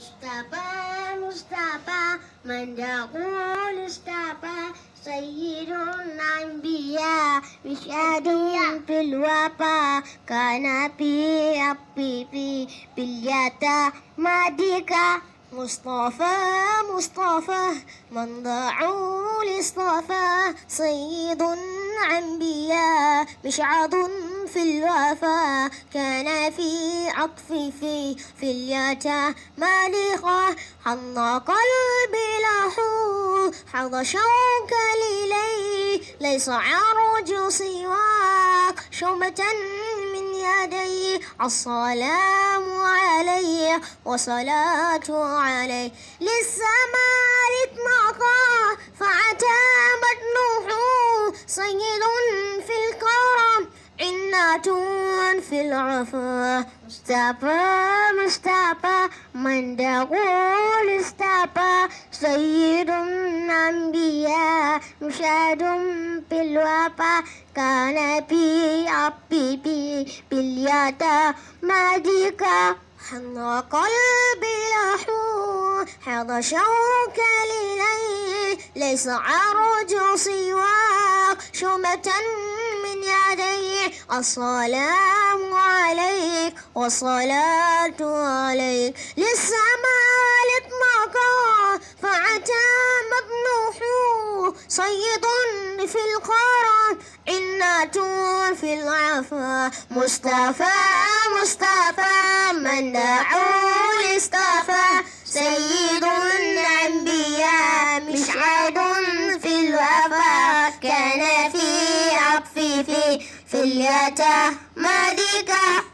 مصطفى مصطفى من يقول مصطفى سيد الأنبياء مشهد في الوفاء كان في ربي في باليتامى مصطفى مصطفى من ضاعوا لاصطفى صيد عنبياء مشعض في الوفا كان في عطفي في في اليتا مالخة حن قلبي له حظ شوك لي ليس عرج سواك شومة من يدي الصلاة عليه وصلاته عليه للسماء اطلقا فعتابت نوح سيد في الكرم عنات في العفو استابا مستابا من دغول استابا سيد الأنبياء مشاد بالوفا كان بي أبي باليدا ماديكا حن قلبي لحو حض شوك لليه ليس عرج سواك شمة من يديه الصلاة عليك والصلاة عليك للسماء الاطلاقا فعتى مطموحه سيد في القرآن عنة في العفا مصطفى مصطفى من دعوا الاصطفى سيد الأنبياء مشعل في الوفا كان في عطفه في اليتامى ذكر